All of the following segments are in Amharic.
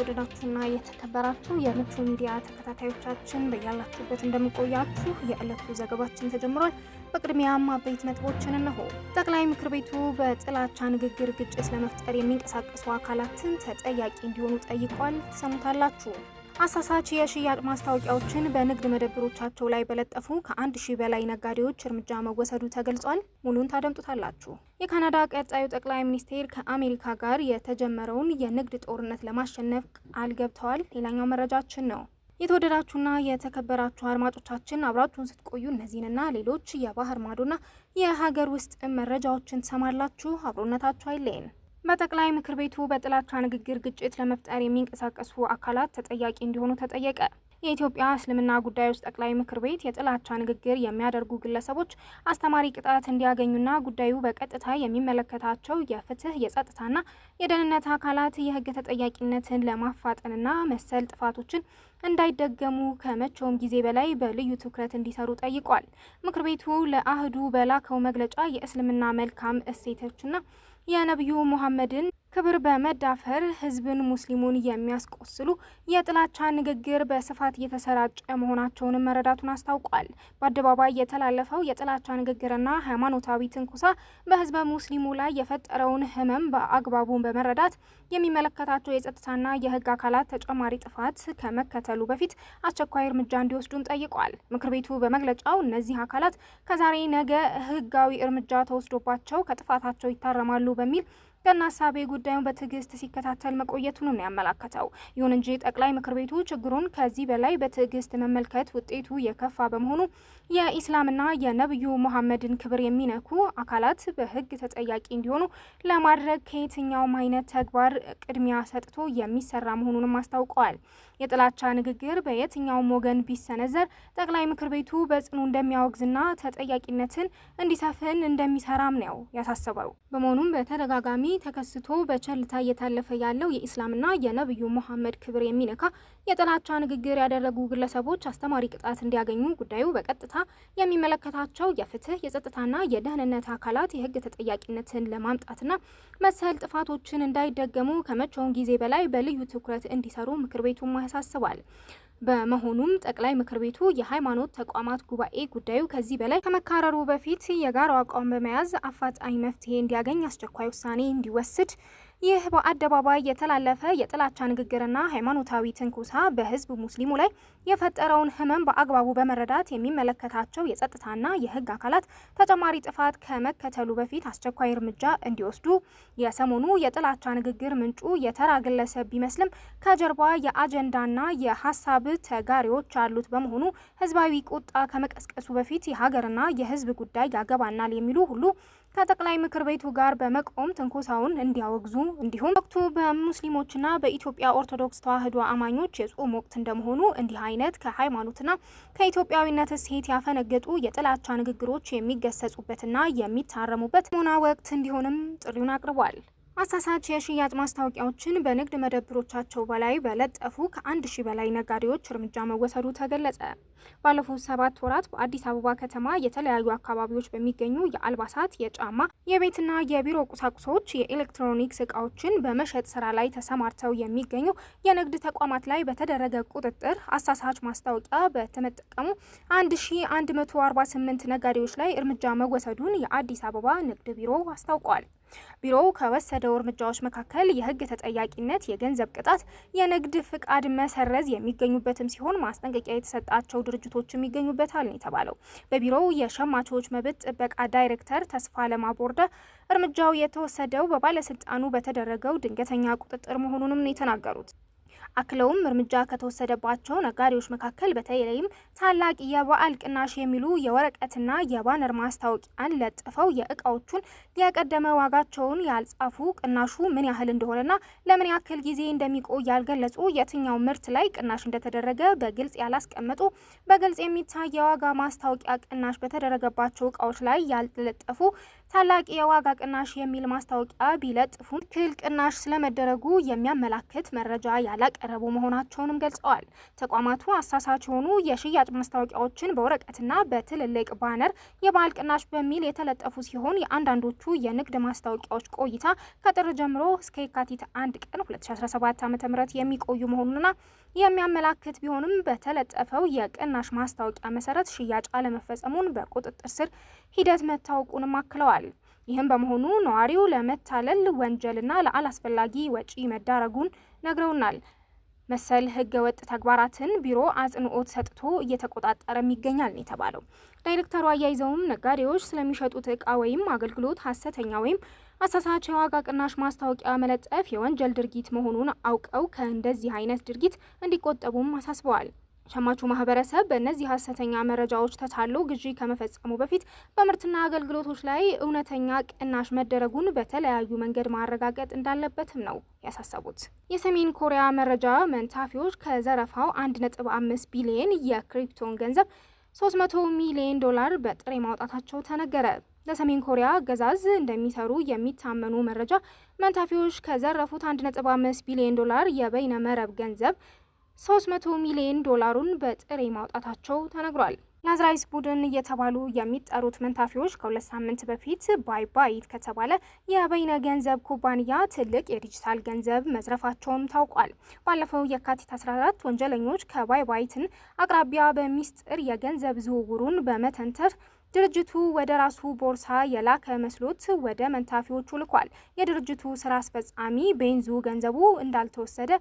የተወደዳችሁና የተከበራችሁ የምቹ ሚዲያ ተከታታዮቻችን በያላችሁበት እንደምቆያችሁ የዕለቱ ዘገባችን ተጀምሯል። በቅድሚያም አበይት ነጥቦችን እነሆ። ጠቅላይ ምክር ቤቱ በጥላቻ ንግግር ግጭት ለመፍጠር የሚንቀሳቀሱ አካላትን ተጠያቂ እንዲሆኑ ጠይቋል። ትሰሙታላችሁ። አሳሳች የሽያጭ ማስታወቂያዎችን በንግድ መደብሮቻቸው ላይ በለጠፉ ከአንድ ሺህ በላይ ነጋዴዎች እርምጃ መወሰዱ ተገልጿል። ሙሉን ታደምጡታላችሁ። የካናዳ ቀጣዩ ጠቅላይ ሚኒስቴር ከአሜሪካ ጋር የተጀመረውን የንግድ ጦርነት ለማሸነፍ ቃል ገብተዋል። ሌላኛው መረጃችን ነው። የተወደዳችሁና የተከበራችሁ አድማጮቻችን አብራችሁን ስትቆዩ እነዚህንና ሌሎች የባህር ማዶና የሀገር ውስጥ መረጃዎችን ትሰማላችሁ። አብሮነታችሁ አይለየን። በጠቅላይ ምክር ቤቱ በጥላቻ ንግግር ግጭት ለመፍጠር የሚንቀሳቀሱ አካላት ተጠያቂ እንዲሆኑ ተጠየቀ። የኢትዮጵያ እስልምና ጉዳዮች ጠቅላይ ምክር ቤት የጥላቻ ንግግር የሚያደርጉ ግለሰቦች አስተማሪ ቅጣት እንዲያገኙና ጉዳዩ በቀጥታ የሚመለከታቸው የፍትህ፣ የጸጥታና የደህንነት አካላት የህግ ተጠያቂነትን ለማፋጠንና መሰል ጥፋቶችን እንዳይደገሙ ከመቼውም ጊዜ በላይ በልዩ ትኩረት እንዲሰሩ ጠይቋል። ምክር ቤቱ ለአህዱ በላከው መግለጫ የእስልምና መልካም እሴቶችና የነቢዩ ሙሐመድን ክብር በመዳፈር ህዝብን ሙስሊሙን የሚያስቆስሉ የጥላቻ ንግግር በስፋት እየተሰራጨ መሆናቸውንም መረዳቱን አስታውቋል። በአደባባይ የተላለፈው የጥላቻ ንግግርና ሃይማኖታዊ ትንኩሳ በህዝበ ሙስሊሙ ላይ የፈጠረውን ህመም በአግባቡን በመረዳት የሚመለከታቸው የጸጥታና የህግ አካላት ተጨማሪ ጥፋት ከመከተሉ በፊት አስቸኳይ እርምጃ እንዲወስዱም ጠይቋል። ምክር ቤቱ በመግለጫው እነዚህ አካላት ከዛሬ ነገ ህጋዊ እርምጃ ተወስዶባቸው ከጥፋታቸው ይታረማሉ በሚል ገና ሳቤ ጉዳዩን በትዕግስት ሲከታተል መቆየቱንም ነው ያመላከተው። ይሁን እንጂ ጠቅላይ ምክር ቤቱ ችግሩን ከዚህ በላይ በትዕግስት መመልከት ውጤቱ የከፋ በመሆኑ የኢስላምና የነብዩ መሐመድን ክብር የሚነኩ አካላት በህግ ተጠያቂ እንዲሆኑ ለማድረግ ከየትኛውም አይነት ተግባር ቅድሚያ ሰጥቶ የሚሰራ መሆኑንም አስታውቀዋል። የጥላቻ ንግግር በየትኛውም ወገን ቢሰነዘር ጠቅላይ ምክር ቤቱ በጽኑ እንደሚያወግዝና ተጠያቂነትን እንዲሰፍን እንደሚሰራም ነው ያሳሰበው። በመሆኑም በተደጋጋሚ ተከስቶ በቸልታ እየታለፈ ያለው የኢስላምና የነብዩ መሐመድ ክብር የሚነካ የጥላቻ ንግግር ያደረጉ ግለሰቦች አስተማሪ ቅጣት እንዲያገኙ ጉዳዩ በቀጥታ የሚመለከታቸው የፍትህ የጸጥታና የደህንነት አካላት የህግ ተጠያቂነትን ለማምጣትና መሰል ጥፋቶችን እንዳይደገሙ ከመቼውም ጊዜ በላይ በልዩ ትኩረት እንዲሰሩ ምክር ቤቱም ያሳስባል። በመሆኑም ጠቅላይ ምክር ቤቱ የሃይማኖት ተቋማት ጉባኤ ጉዳዩ ከዚህ በላይ ከመካረሩ በፊት የጋራ አቋም በመያዝ አፋጣኝ መፍትሄ እንዲያገኝ አስቸኳይ ውሳኔ እንዲወስድ ይህ በአደባባይ የተላለፈ የጥላቻ ንግግርና ሃይማኖታዊ ትንኩሳ በህዝብ ሙስሊሙ ላይ የፈጠረውን ህመም በአግባቡ በመረዳት የሚመለከታቸው የጸጥታና የህግ አካላት ተጨማሪ ጥፋት ከመከተሉ በፊት አስቸኳይ እርምጃ እንዲወስዱ። የሰሞኑ የጥላቻ ንግግር ምንጩ የተራ ግለሰብ ቢመስልም ከጀርባ የአጀንዳና የሀሳብ ተጋሪዎች ያሉት በመሆኑ ህዝባዊ ቁጣ ከመቀስቀሱ በፊት የሀገርና የህዝብ ጉዳይ ያገባናል የሚሉ ሁሉ ከጠቅላይ ምክር ቤቱ ጋር በመቆም ትንኮሳውን እንዲያወግዙ እንዲሁም ወቅቱ በሙስሊሞችና በኢትዮጵያ ኦርቶዶክስ ተዋሕዶ አማኞች የጾም ወቅት እንደመሆኑ እንዲህ አይነት ከሃይማኖትና ከኢትዮጵያዊነት እሴት ያፈነገጡ የጥላቻ ንግግሮች የሚገሰጹበትና የሚታረሙበት ሞና ወቅት እንዲሆንም ጥሪውን አቅርቧል። አሳሳች የሽያጭ ማስታወቂያዎችን በንግድ መደብሮቻቸው በላይ በለጠፉ ከአንድ ሺህ በላይ ነጋዴዎች እርምጃ መወሰዱ ተገለጸ። ባለፉት ሰባት ወራት በአዲስ አበባ ከተማ የተለያዩ አካባቢዎች በሚገኙ የአልባሳት፣ የጫማ፣ የቤትና የቢሮ ቁሳቁሶች፣ የኤሌክትሮኒክስ እቃዎችን በመሸጥ ስራ ላይ ተሰማርተው የሚገኙ የንግድ ተቋማት ላይ በተደረገ ቁጥጥር አሳሳች ማስታወቂያ በተመጠቀሙ 1148 ነጋዴዎች ላይ እርምጃ መወሰዱን የአዲስ አበባ ንግድ ቢሮ አስታውቋል። ቢሮው ከወሰደው እርምጃዎች መካከል የህግ ተጠያቂነት፣ የገንዘብ ቅጣት፣ የንግድ ፍቃድ መሰረዝ የሚገኙበትም ሲሆን ማስጠንቀቂያ የተሰጣቸው ድርጅቶችም ይገኙበታል ነው የተባለው። በቢሮው የሸማቾች መብት ጥበቃ ዳይሬክተር ተስፋ ለማቦርደ እርምጃው የተወሰደው በባለስልጣኑ በተደረገው ድንገተኛ ቁጥጥር መሆኑንም ነው የተናገሩት። አክለውም እርምጃ ከተወሰደባቸው ነጋዴዎች መካከል በተለይም ታላቅ የበዓል ቅናሽ የሚሉ የወረቀትና የባነር ማስታወቂያን ለጥፈው የእቃዎቹን የቀደመ ዋጋቸውን ያልጻፉ፣ ቅናሹ ምን ያህል እንደሆነና ለምን ያክል ጊዜ እንደሚቆይ ያልገለጹ፣ የትኛው ምርት ላይ ቅናሽ እንደተደረገ በግልጽ ያላስቀመጡ፣ በግልጽ የሚታይ የዋጋ ማስታወቂያ ቅናሽ በተደረገባቸው እቃዎች ላይ ያልለጠፉ ታላቅ የዋጋ ቅናሽ የሚል ማስታወቂያ ቢለጥፉም ክል ቅናሽ ስለመደረጉ የሚያመላክት መረጃ ያላቀረቡ መሆናቸውንም ገልጸዋል። ተቋማቱ አሳሳች የሆኑ የሽያጭ ማስታወቂያዎችን በወረቀትና በትልልቅ ባነር የበዓል ቅናሽ በሚል የተለጠፉ ሲሆን የአንዳንዶቹ የንግድ ማስታወቂያዎች ቆይታ ከጥር ጀምሮ እስከ የካቲት አንድ ቀን 2017 ዓ.ም የሚቆዩ መሆኑንና የሚያመላክት ቢሆንም በተለጠፈው የቅናሽ ማስታወቂያ መሰረት ሽያጭ አለመፈጸሙን በቁጥጥር ስር ሂደት መታወቁንም አክለዋል። ይህም በመሆኑ ነዋሪው ለመታለል ወንጀልና ለአላስፈላጊ ወጪ መዳረጉን ነግረውናል። መሰል ህገወጥ ተግባራትን ቢሮ አጽንኦት ሰጥቶ እየተቆጣጠረም ይገኛል ነው የተባለው። ዳይሬክተሩ አያይዘውም ነጋዴዎች ስለሚሸጡት እቃ ወይም አገልግሎት ሀሰተኛ ወይም አሳሳች የዋጋ ቅናሽ ማስታወቂያ መለጠፍ የወንጀል ድርጊት መሆኑን አውቀው ከእንደዚህ አይነት ድርጊት እንዲቆጠቡም አሳስበዋል። ሸማቹ ማህበረሰብ በእነዚህ ሀሰተኛ መረጃዎች ተታሎ ግዢ ከመፈጸሙ በፊት በምርትና አገልግሎቶች ላይ እውነተኛ ቅናሽ መደረጉን በተለያዩ መንገድ ማረጋገጥ እንዳለበትም ነው ያሳሰቡት። የሰሜን ኮሪያ መረጃ መንታፊዎች ከዘረፋው 1.5 ቢሊየን የክሪፕቶን ገንዘብ 300 ሚሊዮን ዶላር በጥሬ ማውጣታቸው ተነገረ። ለሰሜን ኮሪያ አገዛዝ እንደሚሰሩ የሚታመኑ መረጃ መንታፊዎች ከዘረፉት 1.5 ቢሊዮን ዶላር የበይነ መረብ ገንዘብ 300 ሚሊዮን ዶላሩን በጥሬ ማውጣታቸው ተነግሯል። ናዝራይስ ቡድን እየተባሉ የሚጠሩት መንታፊዎች ከሁለት ሳምንት በፊት ባይ ባይት ከተባለ የበይነ ገንዘብ ኩባንያ ትልቅ የዲጂታል ገንዘብ መዝረፋቸውም ታውቋል። ባለፈው የካቲት 14 ወንጀለኞች ከባይ ባይትን አቅራቢያ በሚስጥር የገንዘብ ዝውውሩን በመተንተፍ ። ድርጅቱ ወደ ራሱ ቦርሳ የላከ መስሎት ወደ መንታፊዎቹ ልኳል። የድርጅቱ ስራ አስፈጻሚ ቤንዙ ገንዘቡ እንዳልተወሰደ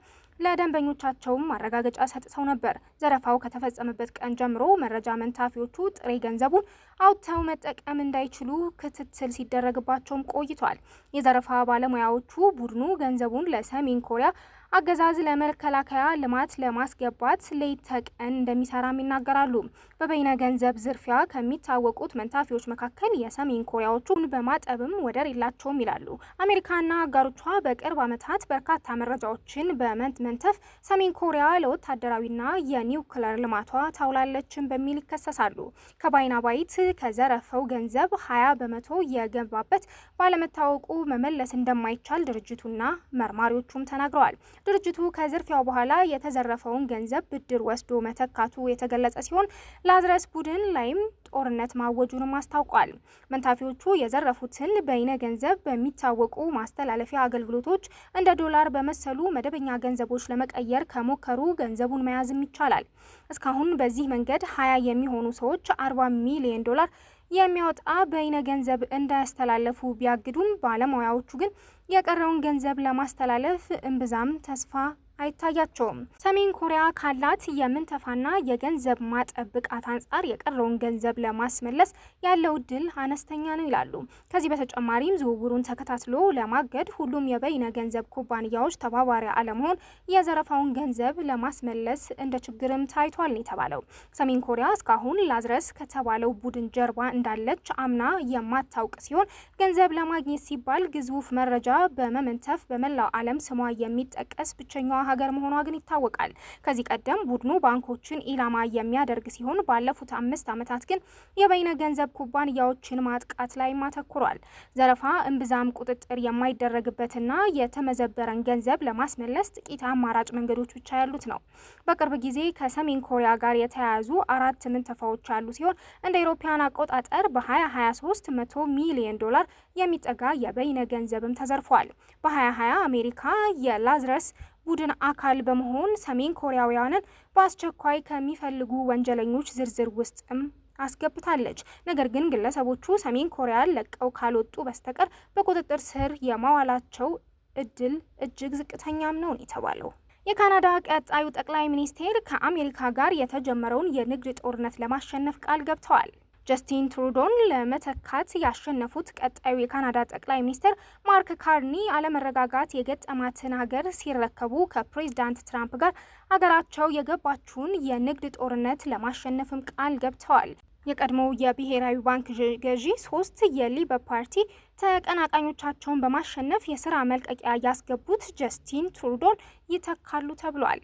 ለደንበኞቻቸውም ማረጋገጫ ሰጥተው ነበር። ዘረፋው ከተፈጸመበት ቀን ጀምሮ መረጃ መንታፊዎቹ ጥሬ ገንዘቡን አውጥተው መጠቀም እንዳይችሉ ክትትል ሲደረግባቸውም ቆይቷል። የዘረፋ ባለሙያዎቹ ቡድኑ ገንዘቡን ለሰሜን ኮሪያ አገዛዝ ለመከላከያ ልማት ለማስገባት ሌት ተቀን እንደሚሰራም ይናገራሉ። በበይነ ገንዘብ ዝርፊያ ከሚታወቁት መንታፊዎች መካከል የሰሜን ኮሪያዎቹን በማጠብም ወደር የላቸውም ይላሉ። አሜሪካና አጋሮቿ በቅርብ ዓመታት በርካታ መረጃዎችን በመንተፍ ሰሜን ኮሪያ ለወታደራዊና የኒውክለር ልማቷ ታውላለችን በሚል ይከሰሳሉ። ከባይናባይት ከዘረፈው ገንዘብ ሀያ በመቶ የገባበት ባለመታወቁ መመለስ እንደማይቻል ድርጅቱና መርማሪዎቹም ተናግረዋል። ድርጅቱ ከዝርፊያው በኋላ የተዘረፈውን ገንዘብ ብድር ወስዶ መተካቱ የተገለጸ ሲሆን ላዝረስ ቡድን ላይም ጦርነት ማወጁንም አስታውቋል። መንታፊዎቹ የዘረፉትን በይነ ገንዘብ በሚታወቁ ማስተላለፊያ አገልግሎቶች እንደ ዶላር በመሰሉ መደበኛ ገንዘቦች ለመቀየር ከሞከሩ ገንዘቡን መያዝም ይቻላል። እስካሁን በዚህ መንገድ ሀያ የሚሆኑ ሰዎች አርባ ሚሊዮን ዶላር የሚያወጣ በይነ ገንዘብ እንዳያስተላለፉ ቢያግዱም ባለሙያዎቹ ግን የቀረውን ገንዘብ ለማስተላለፍ እምብዛም ተስፋ አይታያቸውም። ሰሜን ኮሪያ ካላት የምንተፋና የገንዘብ ማጠብ ብቃት አንጻር የቀረውን ገንዘብ ለማስመለስ ያለው እድል አነስተኛ ነው ይላሉ። ከዚህ በተጨማሪም ዝውውሩን ተከታትሎ ለማገድ ሁሉም የበይነ ገንዘብ ኩባንያዎች ተባባሪ አለመሆን የዘረፋውን ገንዘብ ለማስመለስ እንደ ችግርም ታይቷል ነው የተባለው። ሰሜን ኮሪያ እስካሁን ላዝረስ ከተባለው ቡድን ጀርባ እንዳለች አምና የማታውቅ ሲሆን ገንዘብ ለማግኘት ሲባል ግዙፍ መረጃ በመመንተፍ በመላው ዓለም ስሟ የሚጠቀስ ብቸኛዋ ሀገር መሆኗ ግን ይታወቃል። ከዚህ ቀደም ቡድኑ ባንኮችን ኢላማ የሚያደርግ ሲሆን ባለፉት አምስት ዓመታት ግን የበይነ ገንዘብ ኩባንያዎችን ማጥቃት ላይ አተኩሯል። ዘረፋ እምብዛም ቁጥጥር የማይደረግበትና የተመዘበረን ገንዘብ ለማስመለስ ጥቂት አማራጭ መንገዶች ብቻ ያሉት ነው። በቅርብ ጊዜ ከሰሜን ኮሪያ ጋር የተያያዙ አራት ምንተፋዎች ያሉ ሲሆን እንደ ኢሮፓያን አቆጣጠር በ2023 00 ሚሊዮን ዶላር የሚጠጋ የበይነ ገንዘብም ተዘርፏል። በ2020 አሜሪካ የላዝረስ ቡድን አካል በመሆን ሰሜን ኮሪያውያንን በአስቸኳይ ከሚፈልጉ ወንጀለኞች ዝርዝር ውስጥም አስገብታለች። ነገር ግን ግለሰቦቹ ሰሜን ኮሪያን ለቀው ካልወጡ በስተቀር በቁጥጥር ስር የማዋላቸው እድል እጅግ ዝቅተኛም ነው የተባለው። የካናዳ ቀጣዩ ጠቅላይ ሚኒስቴር ከአሜሪካ ጋር የተጀመረውን የንግድ ጦርነት ለማሸነፍ ቃል ገብተዋል። ጀስቲን ትሩዶን ለመተካት ያሸነፉት ቀጣዩ የካናዳ ጠቅላይ ሚኒስትር ማርክ ካርኒ አለመረጋጋት የገጠማትን ሀገር ሲረከቡ ከፕሬዚዳንት ትራምፕ ጋር ሀገራቸው የገባችውን የንግድ ጦርነት ለማሸነፍም ቃል ገብተዋል። የቀድሞው የብሔራዊ ባንክ ገዢ ሶስት የሊበር ፓርቲ ተቀናቃኞቻቸውን በማሸነፍ የስራ መልቀቂያ ያስገቡት ጀስቲን ትሩዶን ይተካሉ ተብሏል።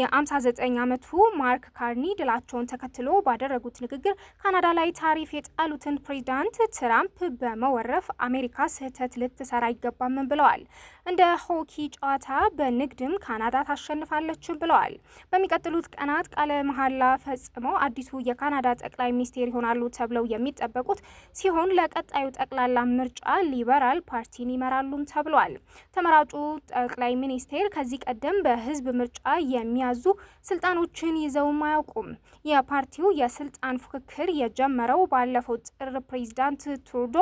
የ59 ዓመቱ ማርክ ካርኒ ድላቸውን ተከትሎ ባደረጉት ንግግር ካናዳ ላይ ታሪፍ የጣሉትን ፕሬዚዳንት ትራምፕ በመወረፍ አሜሪካ ስህተት ልትሰራ አይገባም ብለዋል። እንደ ሆኪ ጨዋታ በንግድም ካናዳ ታሸንፋለችም ብለዋል። በሚቀጥሉት ቀናት ቃለ መሐላ ፈጽመው አዲሱ የካናዳ ጠቅላይ ሚኒስቴር ይሆናሉ ተብለው የሚጠበቁት ሲሆን ለቀጣዩ ጠቅላላ ምርጫ ሊበራል ፓርቲን ይመራሉም ተብሏል። ተመራጩ ጠቅላይ ሚኒስቴር ከዚህ ቀደም በህዝብ ምርጫ የሚያዙ ስልጣኖችን ይዘውም አያውቁም። የፓርቲው የስልጣን ፉክክር የጀመረው ባለፈው ጥር ፕሬዚዳንት ትሩዶ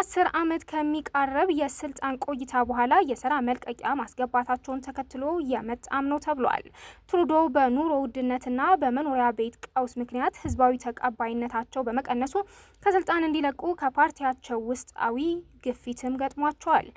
አስር ዓመት ከሚቃረብ የስልጣን ቆይታ በኋላ የስራ መልቀቂያ ማስገባታቸውን ተከትሎ የመጣም ነው ተብሏል። ትሩዶ በኑሮ ውድነትና በመኖሪያ ቤት ቀውስ ምክንያት ህዝባዊ ተቀባይነታቸው በመቀነሱ ከስልጣን እንዲለቁ ከፓርቲያቸው ውስጣዊ ግፊትም ገጥሟቸዋል።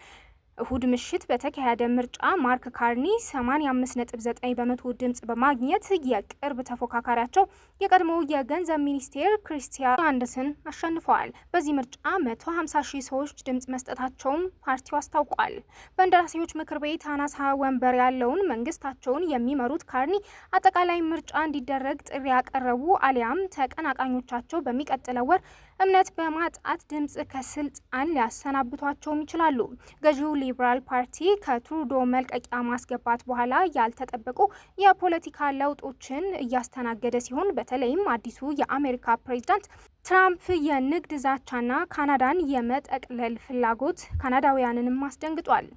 እሁድ ምሽት በተካሄደ ምርጫ ማርክ ካርኒ 85.9 በመቶ ድምፅ በማግኘት የቅርብ ተፎካካሪያቸው የቀድሞው የገንዘብ ሚኒስቴር ክሪስቲያን አንደስን አሸንፈዋል። በዚህ ምርጫ 150 ሺህ ሰዎች ድምፅ መስጠታቸውም ፓርቲው አስታውቋል። በእንደራሴዎች ምክር ቤት አናሳ ወንበር ያለውን መንግስታቸውን የሚመሩት ካርኒ አጠቃላይ ምርጫ እንዲደረግ ጥሪ ያቀረቡ አሊያም ተቀናቃኞቻቸው በሚቀጥለው ወር እምነት በማጣት ድምጽ ከስልጣን ሊያሰናብቷቸውም ይችላሉ። ገዢው ሊበራል ፓርቲ ከትሩዶ መልቀቂያ ማስገባት በኋላ ያልተጠበቁ የፖለቲካ ለውጦችን እያስተናገደ ሲሆን በተለይም አዲሱ የአሜሪካ ፕሬዚዳንት ትራምፕ የንግድ ዛቻና ካናዳን የመጠቅለል ፍላጎት ካናዳውያንንም አስደንግጧል።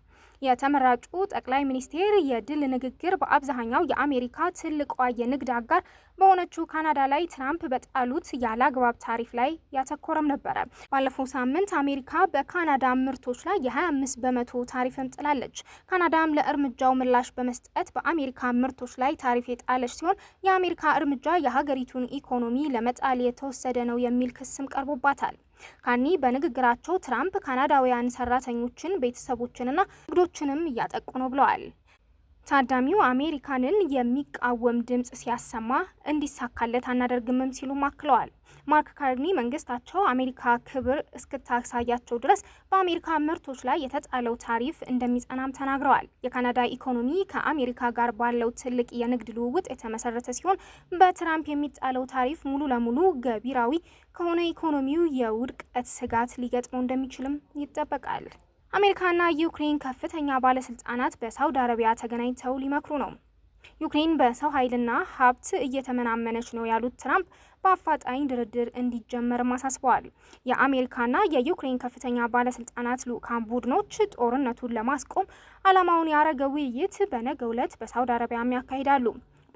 የተመራጩ ጠቅላይ ሚኒስቴር የድል ንግግር በአብዛኛው የአሜሪካ ትልቋ የንግድ አጋር በሆነችው ካናዳ ላይ ትራምፕ በጣሉት ያለአግባብ ታሪፍ ላይ ያተኮረም ነበረ። ባለፈው ሳምንት አሜሪካ በካናዳ ምርቶች ላይ የ25 በመቶ ታሪፍም ጥላለች። ካናዳም ለእርምጃው ምላሽ በመስጠት በአሜሪካ ምርቶች ላይ ታሪፍ የጣለች ሲሆን የአሜሪካ እርምጃ የሀገሪቱን ኢኮኖሚ ለመጣል የተወሰደ ነው የሚል ክስም ቀርቦባታል። ካኒ በንግግራቸው ትራምፕ ካናዳውያን ሰራተኞችን ቤተሰቦችንና ንግዶችንም እያጠቁ ነው ብለዋል። ታዳሚው አሜሪካንን የሚቃወም ድምፅ ሲያሰማ እንዲሳካለት አናደርግምም ሲሉም አክለዋል። ማርክ ካርኒ መንግስታቸው አሜሪካ ክብር እስክታሳያቸው ድረስ በአሜሪካ ምርቶች ላይ የተጣለው ታሪፍ እንደሚጸናም ተናግረዋል። የካናዳ ኢኮኖሚ ከአሜሪካ ጋር ባለው ትልቅ የንግድ ልውውጥ የተመሰረተ ሲሆን በትራምፕ የሚጣለው ታሪፍ ሙሉ ለሙሉ ገቢራዊ ከሆነ ኢኮኖሚው የውድቀት ስጋት ሊገጥመው እንደሚችልም ይጠበቃል። አሜሪካና ዩክሬን ከፍተኛ ባለስልጣናት በሳውዲ አረቢያ ተገናኝተው ሊመክሩ ነው። ዩክሬን በሰው ኃይልና ሀብት እየተመናመነች ነው ያሉት ትራምፕ በአፋጣኝ ድርድር እንዲጀመርም አሳስበዋል። የአሜሪካና የዩክሬን ከፍተኛ ባለስልጣናት ልዑካን ቡድኖች ጦርነቱን ለማስቆም ዓላማውን ያረገ ውይይት በነገው ዕለት በሳውዲ አረቢያም ያካሂዳሉ።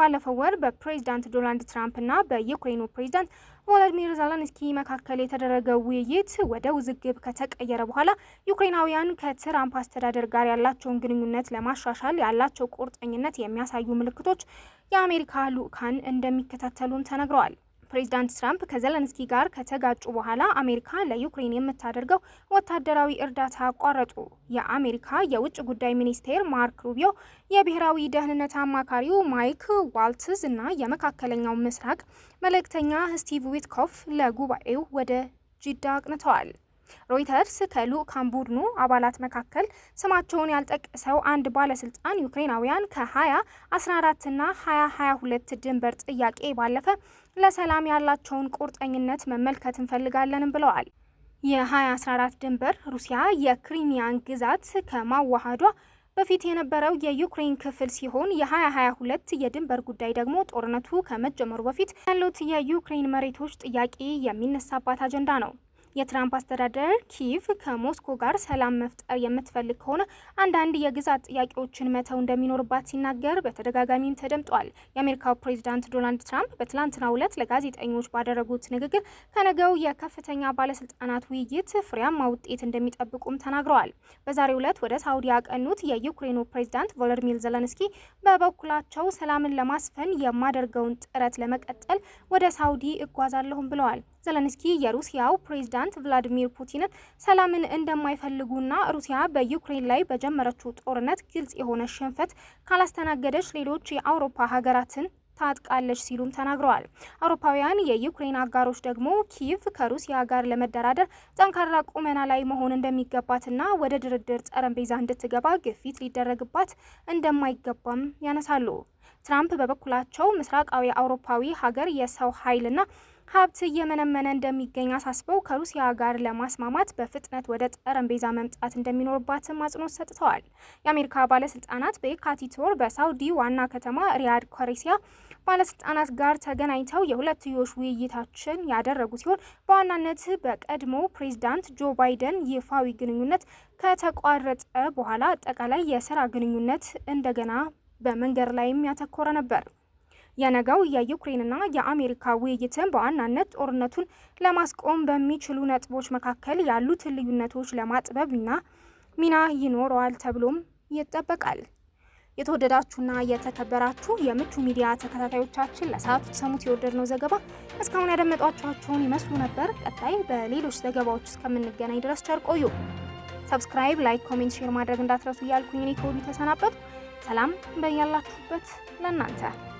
ባለፈው ወር በፕሬዚዳንት ዶናልድ ትራምፕና በዩክሬኑ ፕሬዚዳንት ቮሎዲሚር ዘለንስኪ መካከል የተደረገው ውይይት ወደ ውዝግብ ከተቀየረ በኋላ ዩክሬናውያን ከትራምፕ አስተዳደር ጋር ያላቸውን ግንኙነት ለማሻሻል ያላቸው ቁርጠኝነት የሚያሳዩ ምልክቶች የአሜሪካ ልዑካን እንደሚከታተሉን ተነግረዋል። ፕሬዚዳንት ትራምፕ ከዘለንስኪ ጋር ከተጋጩ በኋላ አሜሪካ ለዩክሬን የምታደርገው ወታደራዊ እርዳታ አቋረጡ። የአሜሪካ የውጭ ጉዳይ ሚኒስቴር ማርክ ሩቢዮ፣ የብሔራዊ ደህንነት አማካሪው ማይክ ዋልትዝ እና የመካከለኛው ምስራቅ መልእክተኛ ስቲቭ ዊትኮፍ ለጉባኤው ወደ ጂዳ አቅንተዋል። ሮይተርስ ከልዑካን ቡድኑ አባላት መካከል ስማቸውን ያልጠቀሰው አንድ ባለስልጣን ዩክሬናውያን ከ20 14ና 2022 ድንበር ጥያቄ ባለፈ ለሰላም ያላቸውን ቁርጠኝነት መመልከት እንፈልጋለንም ብለዋል። የ2014 ድንበር ሩሲያ የክሪሚያን ግዛት ከማዋሃዷ በፊት የነበረው የዩክሬን ክፍል ሲሆን የ2022 የድንበር ጉዳይ ደግሞ ጦርነቱ ከመጀመሩ በፊት ያሉት የዩክሬን መሬቶች ጥያቄ የሚነሳባት አጀንዳ ነው። የትራምፕ አስተዳደር ኪቭ ከሞስኮ ጋር ሰላም መፍጠር የምትፈልግ ከሆነ አንዳንድ የግዛት ጥያቄዎችን መተው እንደሚኖርባት ሲናገር በተደጋጋሚም ተደምጧል። የአሜሪካው ፕሬዚዳንት ዶናልድ ትራምፕ በትላንትናው ዕለት ለጋዜጠኞች ባደረጉት ንግግር ከነገው የከፍተኛ ባለስልጣናት ውይይት ፍሬያማ ውጤት እንደሚጠብቁም ተናግረዋል። በዛሬው ዕለት ወደ ሳውዲ ያቀኑት የዩክሬኑ ፕሬዚዳንት ቮሎዲሚር ዘለንስኪ በበኩላቸው ሰላምን ለማስፈን የማደርገውን ጥረት ለመቀጠል ወደ ሳውዲ እጓዛለሁም ብለዋል። ዘለንስኪ የሩሲያው ፕሬዝዳንት ቭላዲሚር ፑቲን ሰላምን እንደማይፈልጉና ሩሲያ በዩክሬን ላይ በጀመረችው ጦርነት ግልጽ የሆነ ሽንፈት ካላስተናገደች ሌሎች የአውሮፓ ሀገራትን ታጥቃለች ሲሉም ተናግረዋል። አውሮፓውያን የዩክሬን አጋሮች ደግሞ ኪቭ ከሩሲያ ጋር ለመደራደር ጠንካራ ቁመና ላይ መሆን እንደሚገባትና ወደ ድርድር ጠረጴዛ እንድትገባ ግፊት ሊደረግባት እንደማይገባም ያነሳሉ። ትራምፕ በበኩላቸው ምስራቃዊ አውሮፓዊ ሀገር የሰው ኃይልና ሀብት እየመነመነ እንደሚገኝ አሳስበው ከሩሲያ ጋር ለማስማማት በፍጥነት ወደ ጠረጴዛ መምጣት እንደሚኖርባትም አጽንኦት ሰጥተዋል። የአሜሪካ ባለስልጣናት በየካቲት ወር በሳውዲ ዋና ከተማ ሪያድ ኮሬሲያ ባለስልጣናት ጋር ተገናኝተው የሁለትዮሽ ውይይታችን ያደረጉ ሲሆን በዋናነት በቀድሞ ፕሬዚዳንት ጆ ባይደን ይፋዊ ግንኙነት ከተቋረጠ በኋላ አጠቃላይ የስራ ግንኙነት እንደገና በመንገድ ላይም ያተኮረ ነበር። የነገው የዩክሬንና የአሜሪካ ውይይትን በዋናነት ጦርነቱን ለማስቆም በሚችሉ ነጥቦች መካከል ያሉት ልዩነቶች ለማጥበብ ሚና ይኖረዋል ተብሎም ይጠበቃል። የተወደዳችሁና የተከበራችሁ የምቹ ሚዲያ ተከታታዮቻችን ለሰዓቱ ተሰሙት የወደድነው ዘገባ እስካሁን ያደመጧችኋቸውን ይመስሉ ነበር። ቀጣይ በሌሎች ዘገባዎች እስከምንገናኝ ድረስ ቸር ቆዩ። ሰብስክራይብ፣ ላይክ፣ ኮሜንት፣ ሼር ማድረግ እንዳትረሱ እያልኩኝ እኔ ከወዲሁ ተሰናበትኩ። ሰላም በያላችሁበት ለእናንተ